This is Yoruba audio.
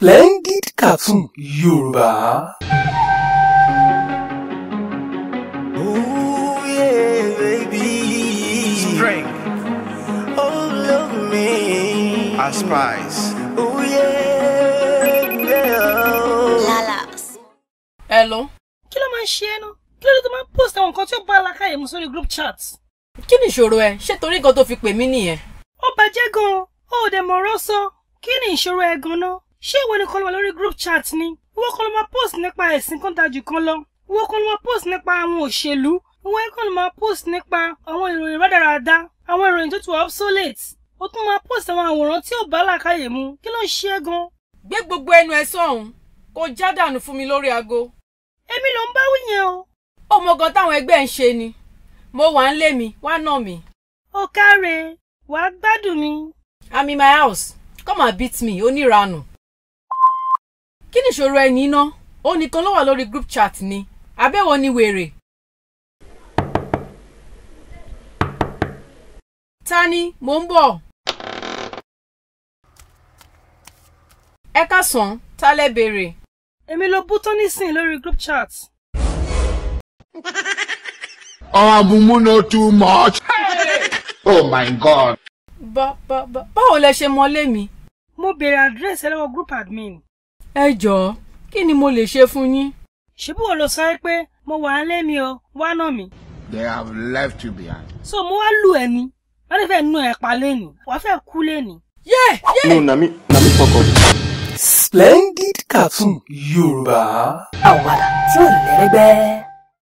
Splendid Cartoon Yorùbá. Ooh, Strength. Oh, spice. Lalas. Hello. Kí ló máa ń ṣe ẹ́ náà? Kí ló tó máa ń post àwọn nǹkan tí ó bá alákàyè mu sórí group chat? Kí ni ìṣòro ẹ? Ṣé torí nǹkan tó fi pè mí nìyẹn? Ó bàjẹ́ gan-an. Ó ò dẹ̀ mọ̀ọ́rọ́ sọ. Kí ni ìṣòro ẹ gan-an? ṣé ìwọ ni kọ́ ló wà lórí group chat ni ìwọ kọ́ ló post nípa ẹ̀sìn kan dájú kan lọ ìwọ kọ́ ló máa post nípa àwọn òṣèlú ìwọ kọ́ ló máa post nípa àwọn ìròyìn rádaràda àwọn ìròyìn tó ti wà obsolete ó tún máa post àwọn àwòrán tí ò bá làákàyè mu kí ló ń ṣe é gan. gbé gbogbo ẹnu ẹ sọhùn kó já dànù fún mi lórí aago. èmi ló ń bá wí yẹn o. ó mọ gan táwọn ẹgbẹ́ ń ṣe ni mo wà ń lé mi wá nà mí. ó káre wàá gbádùn mi. I'm in my house come and beat me oníranù kí ni ìṣòro ẹ̀yin iná ó nìkan ló wà lórí group chat ni abẹ́wò ni wèrè. Tani mò ń bọ̀. ẹ káàsán ta lẹ béèrè. èmi ló bú tán nísìnyí lórí group chat. ọ̀bùnmúná too much. oh my god. bá bá bá báwo lẹ ṣe mọ lé mi. mo béèrè àdírẹ́sì ẹ lọ́wọ́ group admin ẹ jọ̀ọ́ kí ni mo lè ṣe fún yín. ṣebí ló sọ pé mo wà á lé mi o wá nà mí. they have left you behind. so mo wá lù ẹ ni wọn lè fẹ́ nu ẹ pa lẹni wọn fẹ́ kú lẹni. yé yé. no na mi na fọkọ. Splendid Cartoon Yorùbá. àwọn àdá tí ò lẹ́rẹ́gbẹ́.